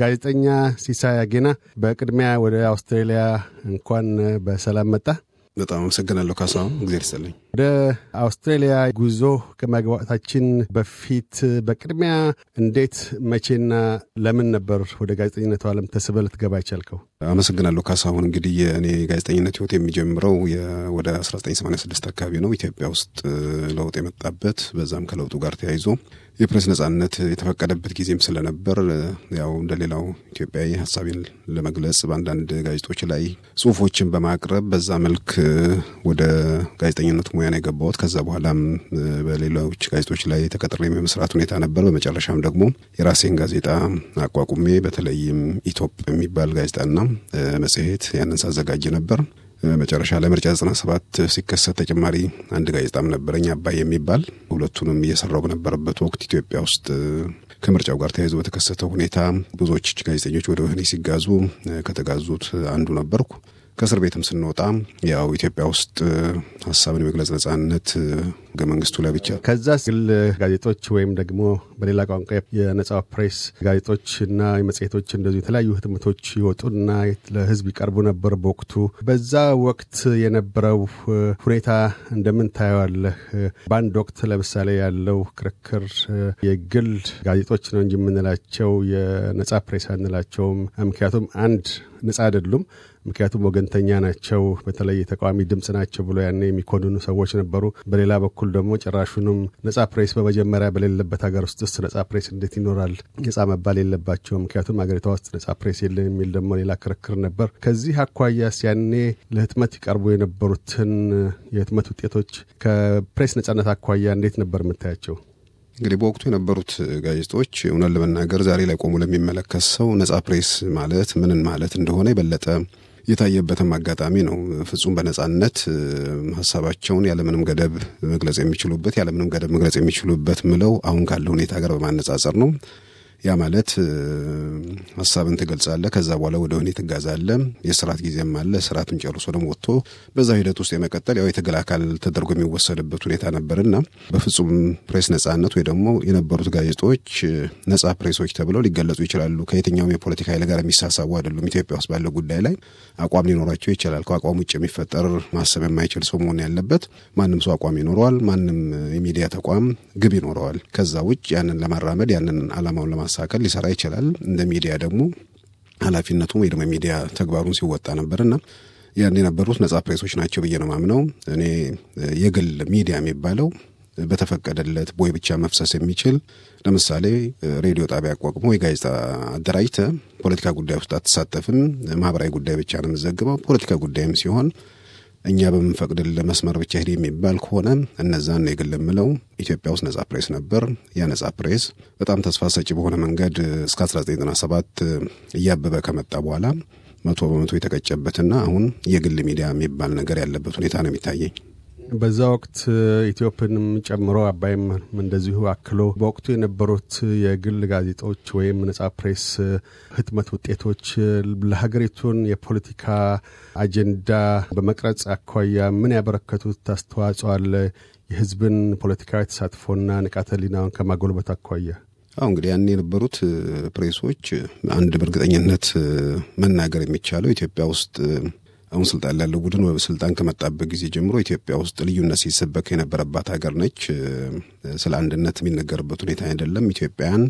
ጋዜጠኛ ሲሳይ አጌና፣ በቅድሚያ ወደ አውስትራሊያ እንኳን በሰላም መጣ። በጣም አመሰግናለሁ ካሳሁን፣ እግዜር ይስጥልኝ። ወደ አውስትሬሊያ ጉዞ ከመግባታችን በፊት በቅድሚያ እንዴት መቼና ለምን ነበር ወደ ጋዜጠኝነቱ ዓለም ተስበ ልትገባ ይቻልከው? አመሰግናለሁ ካሳሁን። እንግዲህ የእኔ የጋዜጠኝነት ህይወት የሚጀምረው ወደ 1986 አካባቢ ነው። ኢትዮጵያ ውስጥ ለውጥ የመጣበት በዛም ከለውጡ ጋር ተያይዞ የፕሬስ ነጻነት የተፈቀደበት ጊዜም ስለነበር ያው እንደሌላው ኢትዮጵያዊ ሀሳቤን ለመግለጽ በአንዳንድ ጋዜጦች ላይ ጽሁፎችን በማቅረብ በዛ መልክ ወደ ጋዜጠኝነት ሙያን የገባሁት። ከዛ በኋላም በሌሎች ጋዜጦች ላይ ተቀጥሬ የመስራት ሁኔታ ነበር። በመጨረሻም ደግሞ የራሴን ጋዜጣ አቋቁሜ በተለይም ኢትዮጵ የሚባል ጋዜጣና መጽሔት ያንን ሳዘጋጅ ነበር። መጨረሻ ለምርጫ ሰባት ሲከሰት ተጨማሪ አንድ ጋዜጣም ነበረኝ አባይ የሚባል ሁለቱንም እየሰራው በነበረበት ወቅት ኢትዮጵያ ውስጥ ከምርጫው ጋር ተያይዞ በተከሰተው ሁኔታ ብዙዎች ጋዜጠኞች ወደ ወህኒ ሲጋዙ ከተጋዙት አንዱ ነበርኩ። ከእስር ቤትም ስንወጣ ያው ኢትዮጵያ ውስጥ ሀሳብን የመግለጽ ነጻነት ህገ መንግስቱ ላይ ብቻ። ከዛ ግል ጋዜጦች ወይም ደግሞ በሌላ ቋንቋ የነጻ ፕሬስ ጋዜጦችና መጽሄቶች እንደዚሁ የተለያዩ ህትመቶች ይወጡና ለህዝብ ይቀርቡ ነበር በወቅቱ። በዛ ወቅት የነበረው ሁኔታ እንደምን ታየዋለህ? በአንድ ወቅት ለምሳሌ ያለው ክርክር የግል ጋዜጦች ነው እንጂ የምንላቸው የነጻ ፕሬስ አንላቸውም። ምክንያቱም አንድ ነጻ አይደሉም። ምክንያቱም ወገንተኛ ናቸው፣ በተለይ የተቃዋሚ ድምፅ ናቸው ብሎ ያኔ የሚኮንኑ ሰዎች ነበሩ። በሌላ በኩል በኩል ደግሞ ጭራሹንም ነጻ ፕሬስ በመጀመሪያ በሌለበት ሀገር ውስጥስ ነጻ ፕሬስ እንዴት ይኖራል? ነጻ መባል የለባቸው ምክንያቱም ሀገሪቷ ውስጥ ነጻ ፕሬስ የለም የሚል ደግሞ ሌላ ክርክር ነበር። ከዚህ አኳያ ሲያኔ ለህትመት ይቀርቡ የነበሩትን የህትመት ውጤቶች ከፕሬስ ነጻነት አኳያ እንዴት ነበር የምታያቸው? እንግዲህ በወቅቱ የነበሩት ጋዜጦች እውነት ለመናገር ዛሬ ላይ ቆሙ ለሚመለከት ሰው ነጻ ፕሬስ ማለት ምንን ማለት እንደሆነ የበለጠ የታየበትም አጋጣሚ ነው። ፍጹም በነጻነት ሀሳባቸውን ያለምንም ገደብ መግለጽ የሚችሉበት ያለምንም ገደብ መግለጽ የሚችሉበት ምለው አሁን ካለ ሁኔታ ጋር በማነጻጸር ነው። ያ ማለት ሀሳብን ትገልጻለ፣ ከዛ በኋላ ወደ ወህኒ ትጋዛለ፣ የስርዓት ጊዜም አለ። ስርዓቱን ጨርሶ ደግሞ ወጥቶ በዛ ሂደት ውስጥ የመቀጠል ያው የትግል አካል ተደርጎ የሚወሰድበት ሁኔታ ነበርና በፍጹም ፕሬስ ነጻነት ወይ ደግሞ የነበሩት ጋዜጦች ነጻ ፕሬሶች ተብለው ሊገለጹ ይችላሉ። ከየትኛውም የፖለቲካ ኃይል ጋር የሚሳሳቡ አይደሉም። ኢትዮጵያ ውስጥ ባለው ጉዳይ ላይ አቋም ሊኖራቸው ይችላል። ከአቋም ውጭ የሚፈጠር ማሰብ የማይችል ሰው መሆን ያለበት ማንም ሰው አቋም ይኖረዋል። ማንም የሚዲያ ተቋም ግብ ይኖረዋል። ከዛ ውጭ ያንን ለማራመድ ያንን አላማውን ለማ ለማሳቀል ሊሰራ ይችላል። እንደ ሚዲያ ደግሞ ኃላፊነቱ ወይ ደግሞ የሚዲያ ተግባሩን ሲወጣ ነበርና ያን የነበሩት ነጻ ፕሬሶች ናቸው ብዬ ነው ማምነው። እኔ የግል ሚዲያ የሚባለው በተፈቀደለት ቦይ ብቻ መፍሰስ የሚችል ለምሳሌ ሬዲዮ ጣቢያ አቋቁሞ የጋዜጣ አደራጅተ ፖለቲካ ጉዳይ ውስጥ አትሳተፍም፣ ማህበራዊ ጉዳይ ብቻ ነው የምዘግበው። ፖለቲካ ጉዳይም ሲሆን እኛ በምንፈቅድል መስመር ብቻ ሄድ የሚባል ከሆነ እነዛን ነው የግል የምለው። ኢትዮጵያ ውስጥ ነጻ ፕሬስ ነበር። ያ ነጻ ፕሬስ በጣም ተስፋ ሰጪ በሆነ መንገድ እስከ 1997 እያበበ ከመጣ በኋላ መቶ በመቶ የተቀጨበትና አሁን የግል ሚዲያ የሚባል ነገር ያለበት ሁኔታ ነው የሚታየኝ። በዛ ወቅት uh, ኢትዮጵንም ጨምሮ አባይም እንደዚሁ አክሎ በወቅቱ የነበሩት የግል ጋዜጦች ወይም ነጻ ፕሬስ uh, ህትመት ውጤቶች uh, ለሀገሪቱን የፖለቲካ አጀንዳ በመቅረጽ አኳያ ምን ያበረከቱት አስተዋጽኦ አለ? የህዝብን ፖለቲካዊ ተሳትፎና ንቃተ ሊናውን ከማጎልበት አኳያ አሁ እንግዲህ ያኔ የነበሩት ፕሬሶች አንድ በእርግጠኝነት መናገር የሚቻለው ኢትዮጵያ ውስጥ አሁን ስልጣን ላለው ቡድን ስልጣን ከመጣበት ጊዜ ጀምሮ ኢትዮጵያ ውስጥ ልዩነት ሲሰበክ የነበረባት ሀገር ነች። ስለ አንድነት የሚነገርበት ሁኔታ አይደለም። ኢትዮጵያን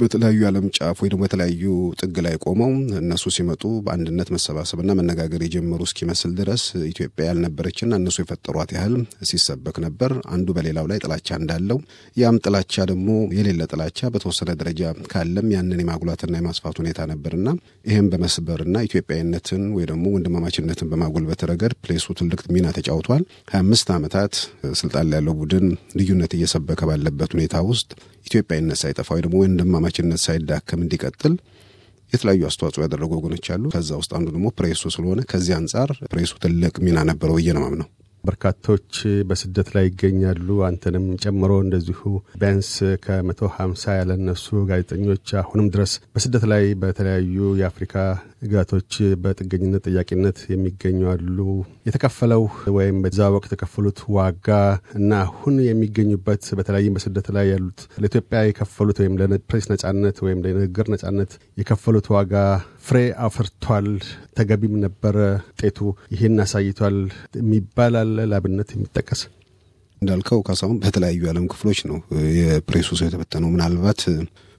በተለያዩ የዓለም ጫፍ ወይ ደግሞ የተለያዩ ጥግ ላይ ቆመው እነሱ ሲመጡ በአንድነት መሰባሰብና መነጋገር የጀመሩ እስኪመስል ድረስ ኢትዮጵያ ያልነበረችና እነሱ የፈጠሯት ያህል ሲሰበክ ነበር። አንዱ በሌላው ላይ ጥላቻ እንዳለው ያም ጥላቻ ደግሞ የሌለ ጥላቻ በተወሰነ ደረጃ ካለም ያንን የማጉላትና የማስፋት ሁኔታ ነበርና ይህም በመስበርና ኢትዮጵያዊነትን ወይ ደግሞ ወንድማማችነትን በማጎልበት ረገድ ፕሌሱ ትልቅ ሚና ተጫውቷል። ሀያ አምስት ዓመታት ስልጣን ላይ ያለው ቡድን ልዩነት እየሰበከ ባለበት ሁኔታ ውስጥ ኢትዮጵያዊነት ሳይጠፋ ወይ ደግሞ ወንድማ ወንድማማችነት ሳይዳከም እንዲቀጥል የተለያዩ አስተዋጽኦ ያደረጉ ወገኖች አሉ። ከዛ ውስጥ አንዱ ደግሞ ፕሬሱ ስለሆነ ከዚህ አንጻር ፕሬሱ ትልቅ ሚና ነበረው ብዬ ነው የማምነው። በርካቶች በስደት ላይ ይገኛሉ። አንተንም ጨምሮ እንደዚሁ ቢያንስ ከመቶ ሀምሳ ያለነሱ ጋዜጠኞች አሁንም ድረስ በስደት ላይ በተለያዩ የአፍሪካ ግዛቶች በጥገኝነት ጥያቄነት የሚገኙ አሉ። የተከፈለው ወይም በዛ ወቅት የከፈሉት ዋጋ እና አሁን የሚገኙበት በተለይም በስደት ላይ ያሉት ለኢትዮጵያ የከፈሉት ወይም ለፕሬስ ነጻነት ወይም ለንግግር ነጻነት የከፈሉት ዋጋ ፍሬ አፍርቷል፣ ተገቢም ነበረ፣ ውጤቱ ይህን አሳይቷል የሚባላል አለ ላብነት የሚጠቀስ እንዳልከው ካሳሁን በተለያዩ የዓለም ክፍሎች ነው የፕሬሱ ሰው የተበተነው። ምናልባት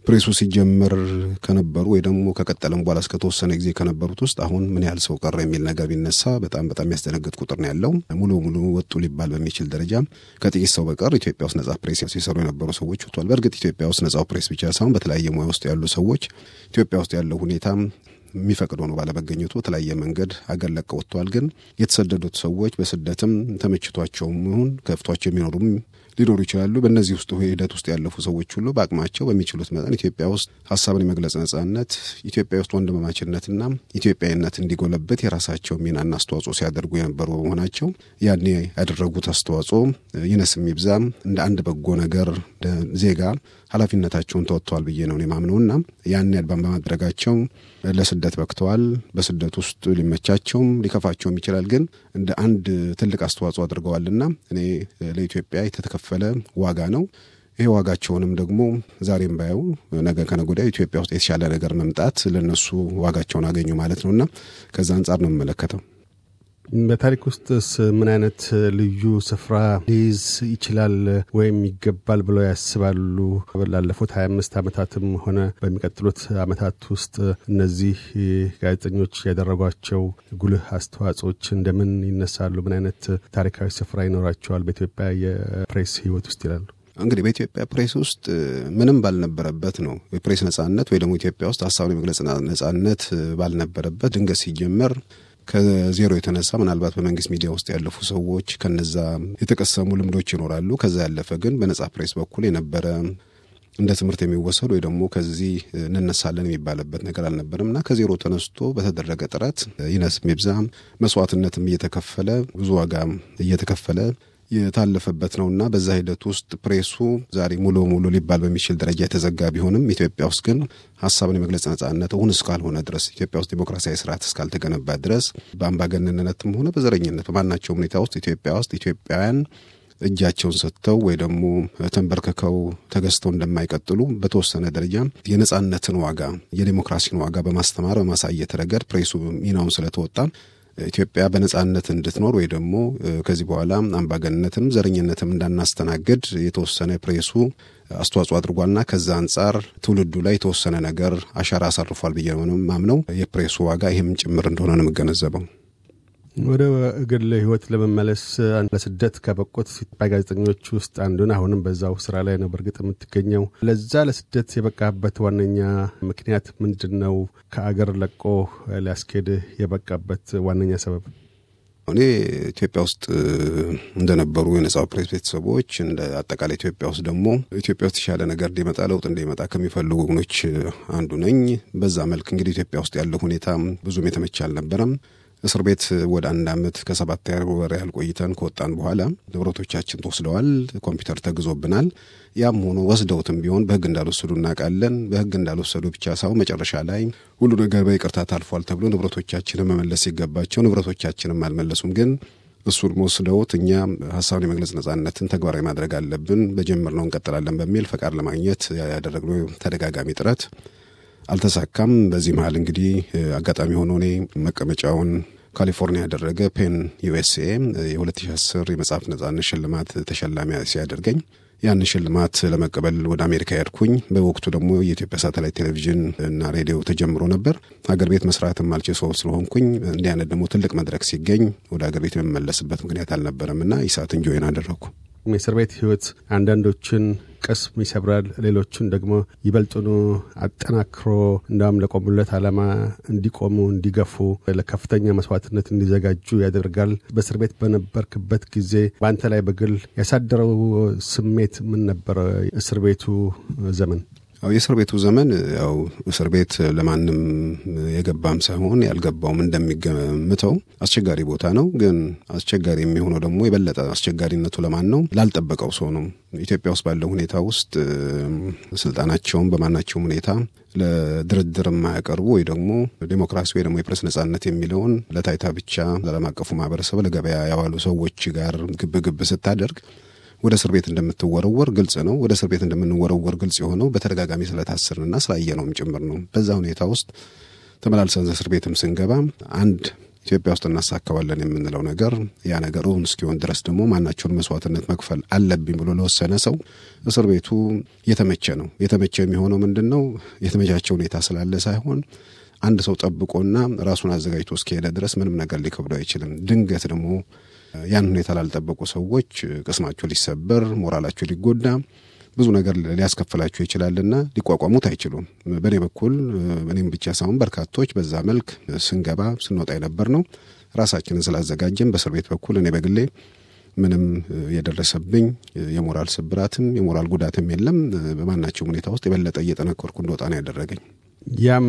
ፕሬሱ ሲጀመር ከነበሩ ወይ ደግሞ ከቀጠለም በኋላ እስከተወሰነ ጊዜ ከነበሩት ውስጥ አሁን ምን ያህል ሰው ቀረ የሚል ነገር ቢነሳ በጣም በጣም የሚያስደነግጥ ቁጥር ነው ያለው። ሙሉ ሙሉ ወጡ ሊባል በሚችል ደረጃ ከጥቂት ሰው በቀር ኢትዮጵያ ውስጥ ነጻ ፕሬስ ሲሰሩ የነበሩ ሰዎች ወጥቷል። በእርግጥ ኢትዮጵያ ውስጥ ነጻው ፕሬስ ብቻ ሳይሆን በተለያየ ሙያ ውስጥ ያሉ ሰዎች ኢትዮጵያ ውስጥ ያለው ሁኔታ የሚፈቅድ ሆኖ ባለመገኘቱ በተለያየ መንገድ አገር ለቀ ወጥተዋል። ግን የተሰደዱት ሰዎች በስደትም ተመችቷቸውም ይሁን ከፍቷቸው የሚኖሩም ሊኖሩ ይችላሉ። በእነዚህ ውስጥ ሂደት ውስጥ ያለፉ ሰዎች ሁሉ በአቅማቸው በሚችሉት መጠን ኢትዮጵያ ውስጥ ሀሳብን የመግለጽ ነጻነት፣ ኢትዮጵያ ውስጥ ወንድማማችነትና ኢትዮጵያዊነት እንዲጎለበት የራሳቸው ሚናና አስተዋጽኦ ሲያደርጉ የነበሩ በመሆናቸው ያኔ ያደረጉት አስተዋጽኦ ይነስም ይብዛም እንደ አንድ በጎ ነገር ዜጋ ኃላፊነታቸውን ተወጥተዋል ብዬ ነው የማምነውና ያን ያልባን በማድረጋቸው ለስደት በክተዋል። በስደት ውስጥ ሊመቻቸውም ሊከፋቸውም ይችላል፣ ግን እንደ አንድ ትልቅ አስተዋጽኦ አድርገዋልና እኔ ለኢትዮጵያ የተከፈለ ዋጋ ነው። ይሄ ዋጋቸውንም ደግሞ ዛሬም ባየው ነገ ከነጎዳ ኢትዮጵያ ውስጥ የተሻለ ነገር መምጣት ለነሱ ዋጋቸውን አገኙ ማለት ነውና ከዛ አንጻር ነው የምመለከተው። በታሪክ ውስጥስ ምን አይነት ልዩ ስፍራ ሊይዝ ይችላል ወይም ይገባል ብለው ያስባሉ? ላለፉት አምስት ዓመታትም ሆነ በሚቀጥሉት ዓመታት ውስጥ እነዚህ ጋዜጠኞች ያደረጓቸው ጉልህ አስተዋጽኦች እንደምን ይነሳሉ? ምን አይነት ታሪካዊ ስፍራ ይኖራቸዋል በኢትዮጵያ የፕሬስ ህይወት ውስጥ ይላሉ? እንግዲህ በኢትዮጵያ ፕሬስ ውስጥ ምንም ባልነበረበት ነው የፕሬስ ነጻነት ወይ ደግሞ ኢትዮጵያ ውስጥ ሀሳብን የመግለጽ ነጻነት ባልነበረበት ድንገት ሲጀመር ከዜሮ የተነሳ ምናልባት በመንግስት ሚዲያ ውስጥ ያለፉ ሰዎች ከነዛ የተቀሰሙ ልምዶች ይኖራሉ። ከዛ ያለፈ ግን በነጻ ፕሬስ በኩል የነበረ እንደ ትምህርት የሚወሰድ ወይ ደግሞ ከዚህ እንነሳለን የሚባልበት ነገር አልነበረም እና ከዜሮ ተነስቶ በተደረገ ጥረት ይነስም ይብዛም መስዋዕትነትም እየተከፈለ ብዙ ዋጋም እየተከፈለ የታለፈበት ነውና በዛ ሂደት ውስጥ ፕሬሱ ዛሬ ሙሉ ሙሉ ሊባል በሚችል ደረጃ የተዘጋ ቢሆንም ኢትዮጵያ ውስጥ ግን ሀሳብን የመግለጽ ነጻነት እውን እስካልሆነ ድረስ ኢትዮጵያ ውስጥ ዲሞክራሲያዊ ስርዓት እስካልተገነባ ድረስ በአምባገነንነትም ሆነ በዘረኝነት በማናቸውም ሁኔታ ውስጥ ኢትዮጵያ ውስጥ ኢትዮጵያውያን እጃቸውን ሰጥተው ወይ ደግሞ ተንበርክከው ተገዝተው እንደማይቀጥሉ በተወሰነ ደረጃ የነጻነትን ዋጋ የዴሞክራሲን ዋጋ በማስተማር በማሳየት ረገድ ፕሬሱ ሚናውን ስለተወጣ ኢትዮጵያ በነጻነት እንድትኖር ወይ ደግሞ ከዚህ በኋላ አምባገንነትንም ዘረኝነትም እንዳናስተናግድ የተወሰነ ፕሬሱ አስተዋጽኦ አድርጓልና ከዛ አንጻር ትውልዱ ላይ የተወሰነ ነገር አሻራ አሳርፏል ብዬ ነው ማምነው። የፕሬሱ ዋጋ ይህም ጭምር እንደሆነ ነው የምገነዘበው። ወደ ግል ህይወት ለመመለስ ለስደት ከበቁት ኢትዮጵያ ጋዜጠኞች ውስጥ አንዱን አሁንም በዛው ስራ ላይ ነው በእርግጥ የምትገኘው። ለዛ ለስደት የበቃበት ዋነኛ ምክንያት ምንድን ነው? ከአገር ለቆ ሊያስኬድ የበቃበት ዋነኛ ሰበብ? እኔ ኢትዮጵያ ውስጥ እንደነበሩ የነጻው ፕሬስ ቤተሰቦች እንደ አጠቃላይ ኢትዮጵያ ውስጥ ደግሞ ኢትዮጵያ ውስጥ የተሻለ ነገር እንዲመጣ ለውጥ እንዲመጣ ከሚፈልጉ ወገኖች አንዱ ነኝ። በዛ መልክ እንግዲህ ኢትዮጵያ ውስጥ ያለው ሁኔታ ብዙም የተመቻ አልነበረም። እስር ቤት ወደ አንድ አመት ከሰባት ወር ያህል ቆይተን ከወጣን በኋላ ንብረቶቻችን ተወስደዋል። ኮምፒውተር ተግዞብናል። ያም ሆኖ ወስደውትም ቢሆን በህግ እንዳልወሰዱ እናውቃለን። በህግ እንዳልወሰዱ ብቻ ሳይሆን መጨረሻ ላይ ሁሉ ነገር በይቅርታ ታልፏል ተብሎ ንብረቶቻችንን መመለስ ሲገባቸው ንብረቶቻችንም አልመለሱም ግን እሱን ወስደውት እኛ ሀሳብን የመግለጽ ነጻነትን ተግባራዊ ማድረግ አለብን፣ ነው እንቀጥላለን በሚል ፈቃድ ለማግኘት ያደረግነው ተደጋጋሚ ጥረት አልተሳካም። በዚህ መሀል እንግዲህ አጋጣሚ ሆኖ እኔ መቀመጫውን ካሊፎርኒያ ያደረገ ፔን ዩኤስኤ የ2010 የመጽሐፍ ነጻነት ሽልማት ተሸላሚ ሲያደርገኝ ያን ሽልማት ለመቀበል ወደ አሜሪካ ያድኩኝ። በወቅቱ ደግሞ የኢትዮጵያ ሳተላይት ቴሌቪዥን እና ሬዲዮ ተጀምሮ ነበር። ሀገር ቤት መስራት ማልቼ ሰው ስለሆንኩኝ እንዲህ አይነት ደግሞ ትልቅ መድረክ ሲገኝ ወደ ሀገር ቤት የምመለስበት ምክንያት አልነበረም እና ኢሳትን ጆይን አደረግኩ። የእስር ቤት ህይወት አንዳንዶችን ቅስም ይሰብራል፣ ሌሎቹን ደግሞ ይበልጥኑ አጠናክሮ እንዳውም ለቆሙለት ዓላማ እንዲቆሙ እንዲገፉ፣ ለከፍተኛ መስዋዕትነት እንዲዘጋጁ ያደርጋል። በእስር ቤት በነበርክበት ጊዜ በአንተ ላይ በግል ያሳደረው ስሜት ምን ነበረ? እስር ቤቱ ዘመን ያው የእስር ቤቱ ዘመን ያው እስር ቤት ለማንም የገባም ሳይሆን ያልገባውም እንደሚገምተው አስቸጋሪ ቦታ ነው። ግን አስቸጋሪ የሚሆነው ደግሞ የበለጠ አስቸጋሪነቱ ለማን ነው? ላልጠበቀው ሰው ነው። ኢትዮጵያ ውስጥ ባለው ሁኔታ ውስጥ ስልጣናቸውን በማናቸውም ሁኔታ ለድርድር የማያቀርቡ ወይ ደግሞ ዴሞክራሲ ወይ ደግሞ የፕሬስ ነጻነት የሚለውን ለታይታ ብቻ ለዓለም አቀፉ ማህበረሰብ ለገበያ ያዋሉ ሰዎች ጋር ግብግብ ስታደርግ ወደ እስር ቤት እንደምትወረወር ግልጽ ነው። ወደ እስር ቤት እንደምንወረወር ግልጽ የሆነው በተደጋጋሚ ስለታስርንና ስላየነውም ጭምር ነው። በዛ ሁኔታ ውስጥ ተመላልሰን እስር ቤትም ስንገባ አንድ ኢትዮጵያ ውስጥ እናሳካዋለን የምንለው ነገር ያ ነገር እውን እስኪሆን ድረስ ደግሞ ማናቸውን መስዋዕትነት መክፈል አለብኝ ብሎ ለወሰነ ሰው እስር ቤቱ የተመቸ ነው። የተመቸ የሚሆነው ምንድን ነው? የተመቻቸው ሁኔታ ስላለ ሳይሆን አንድ ሰው ጠብቆና ራሱን አዘጋጅቶ እስከሄደ ድረስ ምንም ነገር ሊከብደው አይችልም። ድንገት ደግሞ ያን ሁኔታ ላልጠበቁ ሰዎች ቅስማቸው ሊሰበር፣ ሞራላቸው ሊጎዳ ብዙ ነገር ሊያስከፍላቸው ይችላልና ሊቋቋሙት አይችሉም። በእኔ በኩል እኔም ብቻ ሳይሆን በርካቶች በዛ መልክ ስንገባ ስንወጣ የነበር ነው። ራሳችንን ስላዘጋጀን በእስር ቤት በኩል እኔ በግሌ ምንም የደረሰብኝ የሞራል ስብራትም የሞራል ጉዳትም የለም። በማናቸውም ሁኔታ ውስጥ የበለጠ እየጠነከርኩ እንደወጣ ነው ያደረገኝ። ያም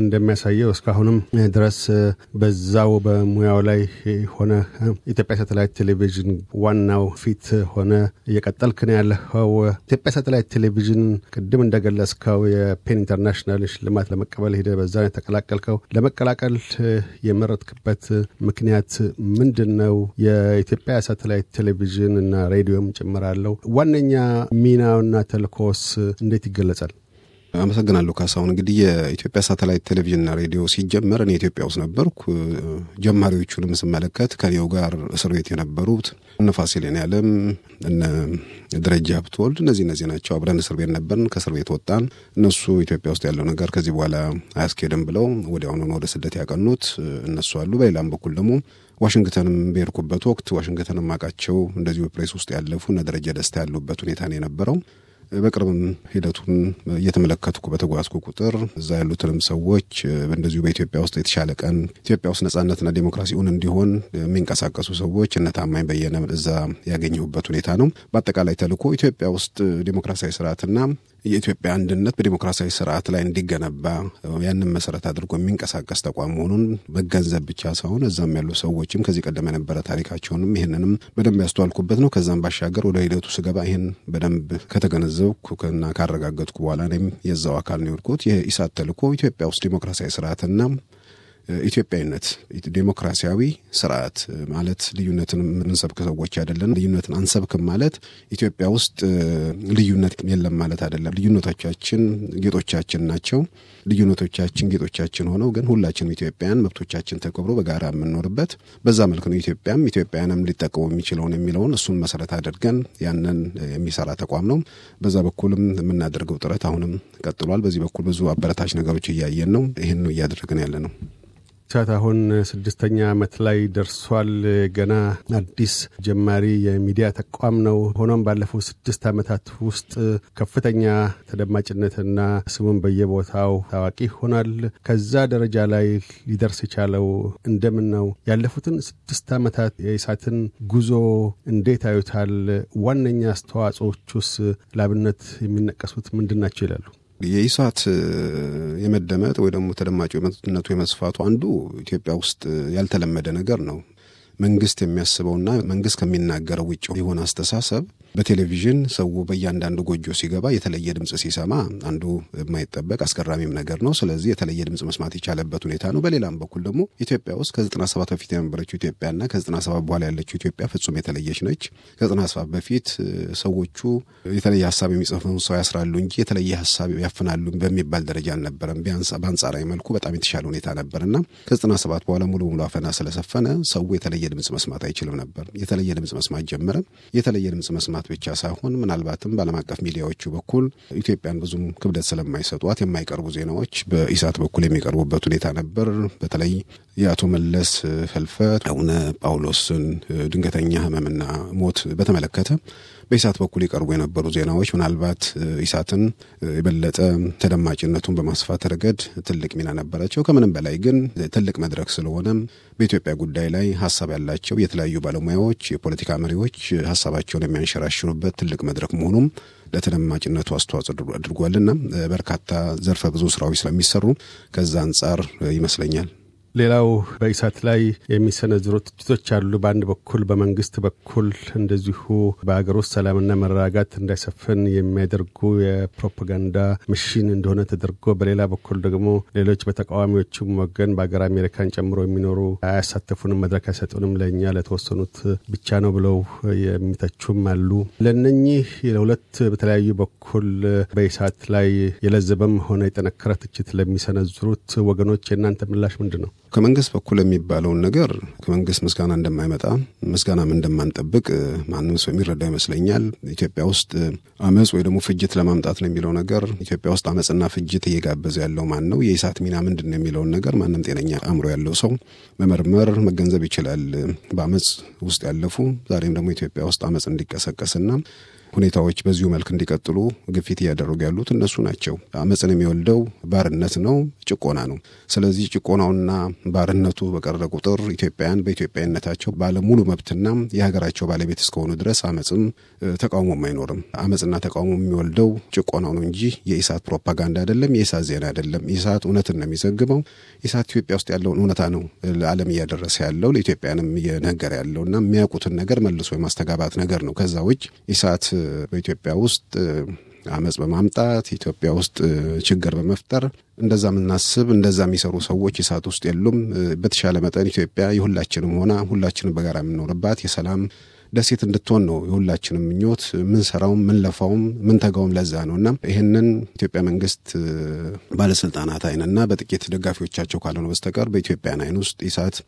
እንደሚያሳየው እስካሁንም ድረስ በዛው በሙያው ላይ ሆነ ኢትዮጵያ ሳተላይት ቴሌቪዥን ዋናው ፊት ሆነ እየቀጠልክ ነው ያለኸው። ኢትዮጵያ ሳተላይት ቴሌቪዥን ቅድም እንደገለጽከው የፔን ኢንተርናሽናል ሽልማት ለመቀበል ሄደ፣ በዛ ነው የተቀላቀልከው። ለመቀላቀል የመረጥክበት ምክንያት ምንድን ነው? የኢትዮጵያ ሳተላይት ቴሌቪዥን እና ሬዲዮም ጭምር አለው። ዋነኛ ሚናውና ተልኮስ እንዴት ይገለጻል? አመሰግናለሁ ካሳሁን። እንግዲህ የኢትዮጵያ ሳተላይት ቴሌቪዥንና ሬዲዮ ሲጀመር እኔ ኢትዮጵያ ውስጥ ነበርኩ። ጀማሪዎቹንም ስመለከት ከኔው ጋር እስር ቤት የነበሩት እነ ፋሲሌን ያለም እነ ደረጃ ብትወልድ እነዚህ እነዚህ ናቸው። አብረን እስር ቤት ነበርን። ከእስር ቤት ወጣን። እነሱ ኢትዮጵያ ውስጥ ያለው ነገር ከዚህ በኋላ አያስኬድም ብለው ወዲያውኑ ወደ ስደት ያቀኑት እነሱ አሉ። በሌላም በኩል ደግሞ ዋሽንግተንም በሄድኩበት ወቅት ዋሽንግተንም አውቃቸው እንደዚሁ ፕሬስ ውስጥ ያለፉ እነ ደረጀ ደስታ ያሉበት ሁኔታ ነው የነበረው። በቅርብም ሂደቱን እየተመለከትኩ በተጓዝኩ ቁጥር እዛ ያሉትንም ሰዎች እንደዚሁ በኢትዮጵያ ውስጥ የተሻለ ቀን ኢትዮጵያ ውስጥ ነጻነትና ዴሞክራሲ እውን እንዲሆን የሚንቀሳቀሱ ሰዎች እነ ታማኝ በየነ እዛ ያገኘሁበት ሁኔታ ነው። በአጠቃላይ ተልእኮ ኢትዮጵያ ውስጥ ዲሞክራሲያዊ ስርዓትና የኢትዮጵያ አንድነት በዲሞክራሲያዊ ስርዓት ላይ እንዲገነባ ያንን መሰረት አድርጎ የሚንቀሳቀስ ተቋም መሆኑን መገንዘብ ብቻ ሳይሆን እዛም ያሉ ሰዎችም ከዚህ ቀደም የነበረ ታሪካቸውንም ይህንንም በደንብ ያስተዋልኩበት ነው። ከዛም ባሻገር ወደ ሂደቱ ስገባ ይህን በደንብ ከተገነዘብኩና ካረጋገጥኩ በኋላ እኔም የዛው አካል ነው የሆንኩት። የኢሳት ተልዕኮ ኢትዮጵያ ውስጥ ዲሞክራሲያዊ ስርዓትና ኢትዮጵያዊነት፣ ዴሞክራሲያዊ ስርዓት ማለት ልዩነትን የምንሰብክ ሰዎች አይደለን። ልዩነትን አንሰብክም ማለት ኢትዮጵያ ውስጥ ልዩነት የለም ማለት አይደለም። ልዩነቶቻችን ጌጦቻችን ናቸው። ልዩነቶቻችን ጌጦቻችን ሆነው ግን ሁላችንም ኢትዮጵያን መብቶቻችን ተከብሮ በጋራ የምንኖርበት በዛ መልክ ነው ኢትዮጵያም ኢትዮጵያንም ሊጠቀሙ የሚችለውን የሚለውን እሱን መሰረት አድርገን ያንን የሚሰራ ተቋም ነው። በዛ በኩልም የምናደርገው ጥረት አሁንም ቀጥሏል። በዚህ በኩል ብዙ አበረታች ነገሮች እያየን ነው። ይህን ነው እያደረግን ያለ ነው። ሳት አሁን ስድስተኛ ዓመት ላይ ደርሷል። ገና አዲስ ጀማሪ የሚዲያ ተቋም ነው። ሆኖም ባለፉት ስድስት ዓመታት ውስጥ ከፍተኛ ተደማጭነትና ስሙን በየቦታው ታዋቂ ሆኗል። ከዛ ደረጃ ላይ ሊደርስ የቻለው እንደምን ነው? ያለፉትን ስድስት ዓመታት የኢሳትን ጉዞ እንዴት አዩታል? ዋነኛ አስተዋጽኦቹስ ላብነት የሚነቀሱት ምንድን ናቸው ይላሉ? የኢሳት የመደመጥ ወይ ደግሞ ተደማጭነቱ የመስፋቱ አንዱ ኢትዮጵያ ውስጥ ያልተለመደ ነገር ነው። መንግስት የሚያስበውና መንግስት ከሚናገረው ውጭ የሆነ አስተሳሰብ በቴሌቪዥን ሰው በእያንዳንዱ ጎጆ ሲገባ የተለየ ድምፅ ሲሰማ አንዱ የማይጠበቅ አስገራሚም ነገር ነው። ስለዚህ የተለየ ድምፅ መስማት የቻለበት ሁኔታ ነው። በሌላም በኩል ደግሞ ኢትዮጵያ ውስጥ ከዘጠና ሰባት በፊት የነበረችው ኢትዮጵያና ከዘጠና ሰባት በኋላ ያለችው ኢትዮጵያ ፍጹም የተለየች ነች ከዘጠና ሰባት በፊት ሰዎቹ የተለየ ሀሳብ የሚጽፈውን ሰው ያስራሉ እንጂ የተለየ ሀሳብ ያፍናሉ በሚባል ደረጃ አልነበረም። ቢያንስ በአንጻራዊ መልኩ በጣም የተሻለ ሁኔታ ነበር እና ሰባት በኋላ ሙሉ በሙሉ አፈና ስለሰፈነ ሰው የተለየ የተለየ ድምፅ መስማት አይችልም ነበር። የተለየ ድምፅ መስማት ጀመረ። የተለየ ድምፅ መስማት ብቻ ሳይሆን ምናልባትም በዓለም አቀፍ ሚዲያዎቹ በኩል ኢትዮጵያን ብዙም ክብደት ስለማይሰጧት የማይቀርቡ ዜናዎች በኢሳት በኩል የሚቀርቡበት ሁኔታ ነበር። በተለይ የአቶ መለስ ፈልፈት አቡነ ጳውሎስን ድንገተኛ ህመምና ሞት በተመለከተ በኢሳት በኩል ይቀርቡ የነበሩ ዜናዎች ምናልባት ኢሳትን የበለጠ ተደማጭነቱን በማስፋት ረገድ ትልቅ ሚና ነበራቸው። ከምንም በላይ ግን ትልቅ መድረክ ስለሆነ በኢትዮጵያ ጉዳይ ላይ ሀሳብ ያላቸው የተለያዩ ባለሙያዎች፣ የፖለቲካ መሪዎች ሀሳባቸውን የሚያንሸራሽሩበት ትልቅ መድረክ መሆኑም ለተደማጭነቱ አስተዋጽኦ አድርጓልና በርካታ ዘርፈ ብዙ ስራዎች ስለሚሰሩ ከዛ አንጻር ይመስለኛል ሌላው በኢሳት ላይ የሚሰነዝሩ ትችቶች አሉ። በአንድ በኩል በመንግስት በኩል እንደዚሁ በሀገር ውስጥ ሰላምና መረጋጋት እንዳይሰፍን የሚያደርጉ የፕሮፓጋንዳ መሽን እንደሆነ ተደርጎ፣ በሌላ በኩል ደግሞ ሌሎች በተቃዋሚዎችም ወገን በሀገር አሜሪካን ጨምሮ የሚኖሩ አያሳተፉንም፣ መድረክ አይሰጡንም፣ ለእኛ ለተወሰኑት ብቻ ነው ብለው የሚተቹም አሉ። ለነኚህ ለሁለት በተለያዩ በኩል በኢሳት ላይ የለዘበም ሆነ የጠነከረ ትችት ለሚሰነዝሩት ወገኖች የእናንተ ምላሽ ምንድን ነው? ከመንግስት በኩል የሚባለውን ነገር ከመንግስት ምስጋና እንደማይመጣ ምስጋናም እንደማንጠብቅ ማንም ሰው የሚረዳ ይመስለኛል። ኢትዮጵያ ውስጥ አመፅ ወይ ደግሞ ፍጅት ለማምጣት ነው የሚለው ነገር ኢትዮጵያ ውስጥ አመፅና ፍጅት እየጋበዘ ያለው ማን ነው፣ የእሳት ሚና ምንድን ነው የሚለውን ነገር ማንም ጤነኛ አእምሮ ያለው ሰው መመርመር መገንዘብ ይችላል። በአመፅ ውስጥ ያለፉ ዛሬም ደግሞ ኢትዮጵያ ውስጥ አመፅ እንዲቀሰቀስና ሁኔታዎች በዚሁ መልክ እንዲቀጥሉ ግፊት እያደረጉ ያሉት እነሱ ናቸው። አመፅን የሚወልደው ባርነት ነው፣ ጭቆና ነው። ስለዚህ ጭቆናውና ባርነቱ በቀረ ቁጥር ኢትዮጵያን በኢትዮጵያዊነታቸው ባለሙሉ መብትና የሀገራቸው ባለቤት እስከሆኑ ድረስ አመፅም ተቃውሞም አይኖርም። አመፅና ተቃውሞ የሚወልደው ጭቆናው ነው እንጂ የኢሳት ፕሮፓጋንዳ አይደለም፣ የኢሳት ዜና አይደለም። ኢሳት እውነትን ነው የሚዘግበው። ኢሳት ኢትዮጵያ ውስጥ ያለውን እውነታ ነው ለዓለም እያደረሰ ያለው ለኢትዮጵያንም እየነገረ ያለው እና የሚያውቁትን ነገር መልሶ የማስተጋባት ነገር ነው። ከዛ ውጭ ኢሳት በኢትዮጵያ ውስጥ አመፅ በማምጣት ኢትዮጵያ ውስጥ ችግር በመፍጠር እንደዛ የምናስብ እንደዛ የሚሰሩ ሰዎች እሳት ውስጥ የሉም። በተሻለ መጠን ኢትዮጵያ የሁላችንም ሆና ሁላችንም በጋራ የምንኖርባት የሰላም ደሴት እንድትሆን ነው የሁላችንም ምኞት። ምንሰራውም ምንለፋውም ምንተጋውም ለዛ ነው እና ይህንን ኢትዮጵያ መንግስት ባለስልጣናት አይንና በጥቂት ደጋፊዎቻቸው ካልሆነ በስተቀር በኢትዮጵያን አይን ውስጥ ኢሳት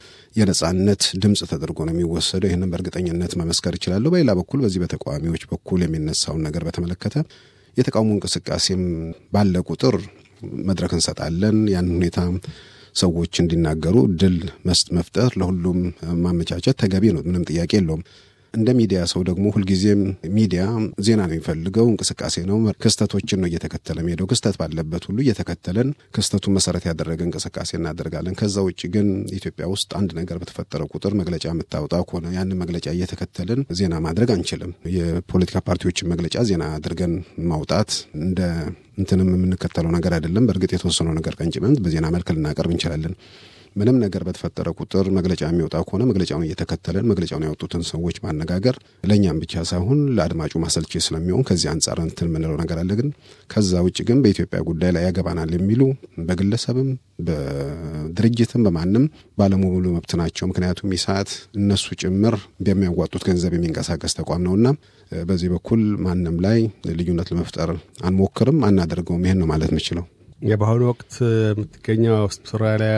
የነጻነት ድምፅ ተደርጎ ነው የሚወሰደው። ይህንን በእርግጠኝነት መመስከር ይችላለሁ። በሌላ በኩል በዚህ በተቃዋሚዎች በኩል የሚነሳውን ነገር በተመለከተ የተቃውሞ እንቅስቃሴም ባለ ቁጥር መድረክ እንሰጣለን። ያን ሁኔታ ሰዎች እንዲናገሩ ድል መፍጠር፣ ለሁሉም ማመቻቸት ተገቢ ነው። ምንም ጥያቄ የለውም። እንደ ሚዲያ ሰው ደግሞ ሁልጊዜም ሚዲያ ዜና ነው የሚፈልገው፣ እንቅስቃሴ ነው፣ ክስተቶችን ነው እየተከተለ ሄደው ክስተት ባለበት ሁሉ እየተከተለን ክስተቱን መሰረት ያደረገ እንቅስቃሴ እናደርጋለን። ከዛ ውጭ ግን ኢትዮጵያ ውስጥ አንድ ነገር በተፈጠረ ቁጥር መግለጫ የምታወጣ ከሆነ ያንን መግለጫ እየተከተልን ዜና ማድረግ አንችልም። የፖለቲካ ፓርቲዎችን መግለጫ ዜና አድርገን ማውጣት እንደ እንትንም የምንከተለው ነገር አይደለም። በእርግጥ የተወሰነው ነገር ቀንጭበን በዜና መልክ ልናቀርብ እንችላለን። ምንም ነገር በተፈጠረ ቁጥር መግለጫ የሚወጣ ከሆነ መግለጫውን እየተከተለን መግለጫውን ያወጡትን ሰዎች ማነጋገር ለእኛም ብቻ ሳይሆን ለአድማጩ ማሰልቼ ስለሚሆን ከዚህ አንጻር እንትን የምንለው ነገር አለ። ግን ከዛ ውጭ ግን በኢትዮጵያ ጉዳይ ላይ ያገባናል የሚሉ በግለሰብም በድርጅትም በማንም ባለሙሉ መብት ናቸው። ምክንያቱም ሰዓት እነሱ ጭምር በሚያዋጡት ገንዘብ የሚንቀሳቀስ ተቋም ነውና በዚህ በኩል ማንም ላይ ልዩነት ለመፍጠር አንሞክርም፣ አናደርገውም። ይህን ነው ማለት የምችለው። በአሁኑ ወቅት የምትገኘው አውስትራሊያ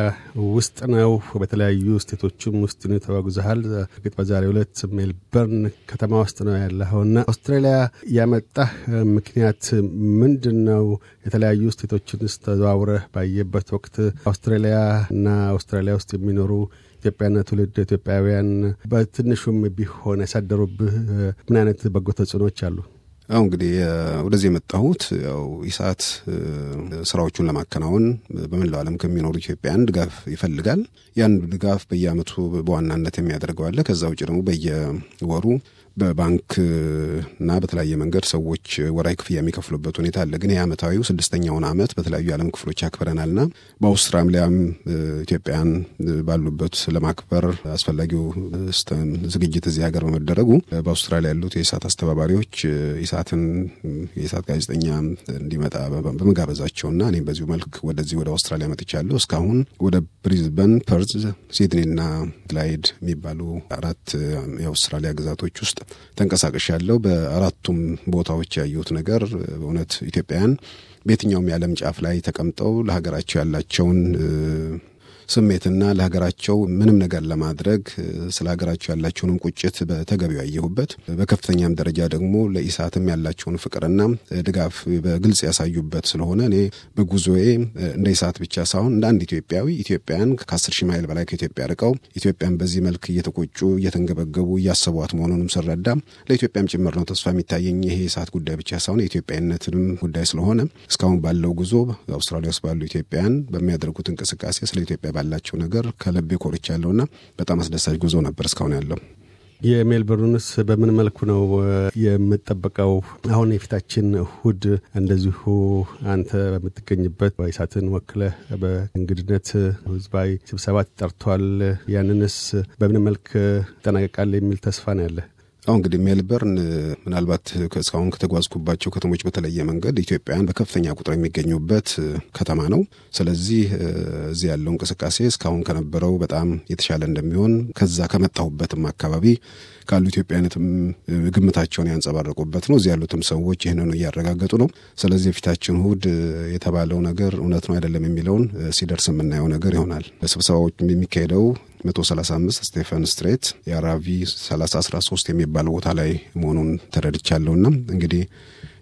ውስጥ ነው። በተለያዩ ስቴቶችም ውስጥ ነው ተወግዘሃል። እርግጥ በዛሬው ዕለት ሜልበርን ከተማ ውስጥ ነው ያለኸውና አውስትራሊያ ያመጣህ ምክንያት ምንድን ነው? የተለያዩ ስቴቶችን ስተዘዋውረህ ባየበት ወቅት አውስትራሊያ እና አውስትራሊያ ውስጥ የሚኖሩ ኢትዮጵያና ትውልድ ኢትዮጵያውያን በትንሹም ቢሆን ያሳደሩብህ ምን አይነት በጎ ተጽዕኖች አሉ? አሁ እንግዲህ ወደዚህ የመጣሁት ያው ኢሳት ስራዎቹን ለማከናወን በመላው ዓለም ከሚኖሩ ኢትዮጵያውያን ድጋፍ ይፈልጋል። ያን ድጋፍ በየአመቱ በዋናነት የሚያደርገው አለ። ከዛ ውጭ ደግሞ በየወሩ በባንክ እና በተለያየ መንገድ ሰዎች ወራይ ክፍያ የሚከፍሉበት ሁኔታ አለ። ግን የአመታዊው ስድስተኛውን አመት በተለያዩ የዓለም ክፍሎች ና በአውስትራሊያም ኢትዮጵያን ባሉበት ለማክበር አስፈላጊው ዝግጅት እዚህ ሀገር በመደረጉ በአውስትራሊያ ያሉት የእሳት አስተባባሪዎች ኢሳትን የእሳት ጋዜጠኛ እንዲመጣ ና እኔም በዚሁ መልክ ወደዚህ ወደ አውስትራሊያ መጥቻለሁ። እስካሁን ወደ ብሪዝበን፣ ፐርዝ፣ ና ግላይድ የሚባሉ አራት የአውስትራሊያ ግዛቶች ውስጥ ተንቀሳቀሽ ያለው በአራቱም ቦታዎች ያየሁት ነገር በእውነት ኢትዮጵያውያን በየትኛውም የዓለም ጫፍ ላይ ተቀምጠው ለሀገራቸው ያላቸውን ስሜትና ለሀገራቸው ምንም ነገር ለማድረግ ስለ ሀገራቸው ያላቸውንም ቁጭት በተገቢው ያየሁበት፣ በከፍተኛም ደረጃ ደግሞ ለኢሳትም ያላቸውን ፍቅርና ድጋፍ በግልጽ ያሳዩበት ስለሆነ እኔ በጉዞዬ እንደ ኢሳት ብቻ ሳይሆን እንደ አንድ ኢትዮጵያዊ ኢትዮጵያን ከአስር ሺህ ማይል በላይ ከኢትዮጵያ ርቀው ኢትዮጵያን በዚህ መልክ እየተቆጩ እየተንገበገቡ እያሰቧት መሆኑንም ስረዳ ለኢትዮጵያም ጭምር ነው ተስፋ የሚታየኝ ይሄ የኢሳት ጉዳይ ብቻ ሳይሆን የኢትዮጵያዊነትንም ጉዳይ ስለሆነ እስካሁን ባለው ጉዞ አውስትራሊያ ውስጥ ባሉ ኢትዮጵያን በሚያደርጉት እንቅስቃሴ ስለ ኢትዮጵያ ላላቸው ነገር ከልቤ ኮርቻ ያለውና በጣም አስደሳች ጉዞ ነበር እስካሁን ያለው። የሜልበርንስ በምን መልኩ ነው የምጠበቀው? አሁን የፊታችን እሁድ እንደዚሁ አንተ በምትገኝበት ባይሳትን ወክለ በእንግድነት ህዝባዊ ስብሰባ ተጠርቷል። ያንንስ በምን መልክ ጠናቀቃል የሚል ተስፋ ነው ያለ። አሁ እንግዲህ ሜልበርን ምናልባት እስካሁን ከተጓዝኩባቸው ከተሞች በተለየ መንገድ ኢትዮጵያውያን በከፍተኛ ቁጥር የሚገኙበት ከተማ ነው። ስለዚህ እዚህ ያለው እንቅስቃሴ እስካሁን ከነበረው በጣም የተሻለ እንደሚሆን ከዛ ከመጣሁበትም አካባቢ ካሉ ኢትዮጵያውያነትም ግምታቸውን ያንጸባረቁበት ነው። እዚህ ያሉትም ሰዎች ይህንኑ እያረጋገጡ ነው። ስለዚህ የፊታችን እሁድ የተባለው ነገር እውነት ነው አይደለም የሚለውን ሲደርስ የምናየው ነገር ይሆናል። ስብሰባዎች የሚካሄደው 135 ስቴፈን ስትሬት የአራቪ 313 የሚባል ቦታ ላይ መሆኑን ተረድቻለሁና እንግዲህ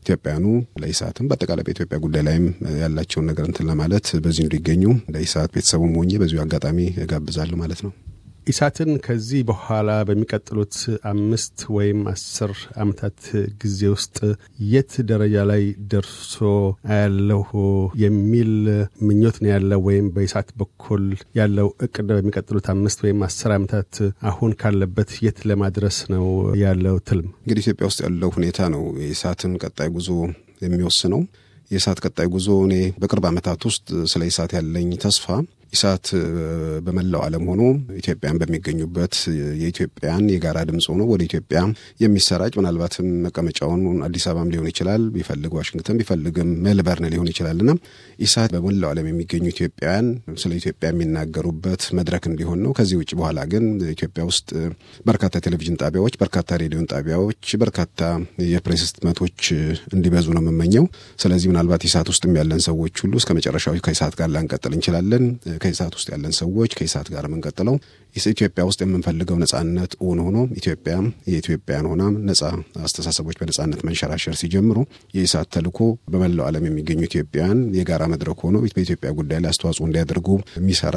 ኢትዮጵያኑ ለኢሳትም በአጠቃላይ በኢትዮጵያ ጉዳይ ላይም ያላቸውን ነገር እንትን ለማለት በዚህ እንዲገኙ ለኢሳት ቤተሰቡም ሆኜ በዚሁ አጋጣሚ እጋብዛለሁ ማለት ነው። ኢሳትን ከዚህ በኋላ በሚቀጥሉት አምስት ወይም አስር ዓመታት ጊዜ ውስጥ የት ደረጃ ላይ ደርሶ ያለሁ የሚል ምኞት ነው ያለው ወይም በኢሳት በኩል ያለው እቅድ በሚቀጥሉት አምስት ወይም አስር ዓመታት አሁን ካለበት የት ለማድረስ ነው ያለው ትልም? እንግዲህ ኢትዮጵያ ውስጥ ያለው ሁኔታ ነው የኢሳትን ቀጣይ ጉዞ የሚወስነው። የኢሳት ቀጣይ ጉዞ እኔ በቅርብ ዓመታት ውስጥ ስለ ኢሳት ያለኝ ተስፋ ኢሳት በመላው ዓለም ሆኖ ኢትዮጵያን በሚገኙበት የኢትዮጵያን የጋራ ድምፅ ሆኖ ወደ ኢትዮጵያ የሚሰራጭ ምናልባትም መቀመጫውን አዲስ አበባም ሊሆን ይችላል ቢፈልግ ዋሽንግተን ቢፈልግም መልበርን ሊሆን ይችላልና ኢሳት በመላው ዓለም የሚገኙ ኢትዮጵያውያን ስለ ኢትዮጵያ የሚናገሩበት መድረክ እንዲሆን ነው። ከዚህ ውጭ በኋላ ግን ኢትዮጵያ ውስጥ በርካታ ቴሌቪዥን ጣቢያዎች፣ በርካታ ሬዲዮን ጣቢያዎች፣ በርካታ የፕሬስ ህትመቶች እንዲበዙ ነው የምመኘው። ስለዚህ ምናልባት ኢሳት ውስጥም ያለን ሰዎች ሁሉ እስከ መጨረሻው ከኢሳት ጋር ላንቀጥል እንችላለን። ከኢሳት ውስጥ ያለን ሰዎች ከኢሳት ጋር የምንቀጥለው ኢትዮጵያ ውስጥ የምንፈልገው ነጻነት እውን ሆኖ ኢትዮጵያ የኢትዮጵያን ሆናም ነጻ አስተሳሰቦች በነጻነት መንሸራሸር ሲጀምሩ የኢሳት ተልኮ በመላው ዓለም የሚገኙ ኢትዮጵያን የጋራ መድረክ ሆኖ በኢትዮጵያ ጉዳይ ላይ አስተዋጽኦ እንዲያደርጉ የሚሰራ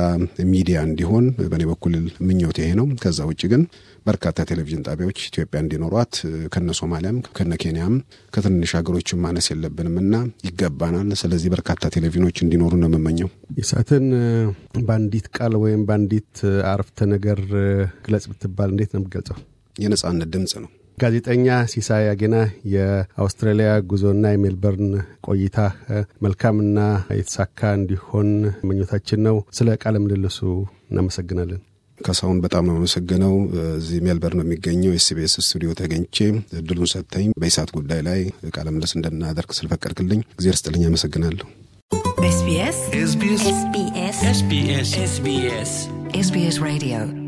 ሚዲያ እንዲሆን በእኔ በኩል ምኞት ይሄ ነው። ከዛ ውጭ ግን በርካታ ቴሌቪዥን ጣቢያዎች ኢትዮጵያ እንዲኖሯት ከነ ሶማሊያም ከነ ኬንያም ከትንሽ ሀገሮችን ማነስ የለብንም እና ይገባናል። ስለዚህ በርካታ ቴሌቪዥኖች እንዲኖሩ ነው የምመኘው። የሰዓትን በአንዲት ቃል ወይም በአንዲት አረፍተ ነገር ግለጽ ብትባል እንዴት ነው የምትገልጸው? የነጻነት ድምፅ ነው። ጋዜጠኛ ሲሳይ አጌና፣ የአውስትራሊያ ጉዞና የሜልበርን ቆይታ መልካምና የተሳካ እንዲሆን ምኞታችን ነው። ስለ ቃለ ምልልሱ እናመሰግናለን። ካሳሁን በጣም ነው አመሰግነው። እዚህ ሜልበርን የሚገኘው ኤስቢኤስ ስቱዲዮ ተገኝቼ እድሉን ሰጥተኝ በኢሳት ጉዳይ ላይ ቃለ ምልልስ እንድናደርግ ስለፈቀድክልኝ እግዜር ስጥልኝ አመሰግናለሁ። ኤስቢኤስ ኤስቢኤስ ኤስቢኤስ ኤስቢኤስ ሬዲዮ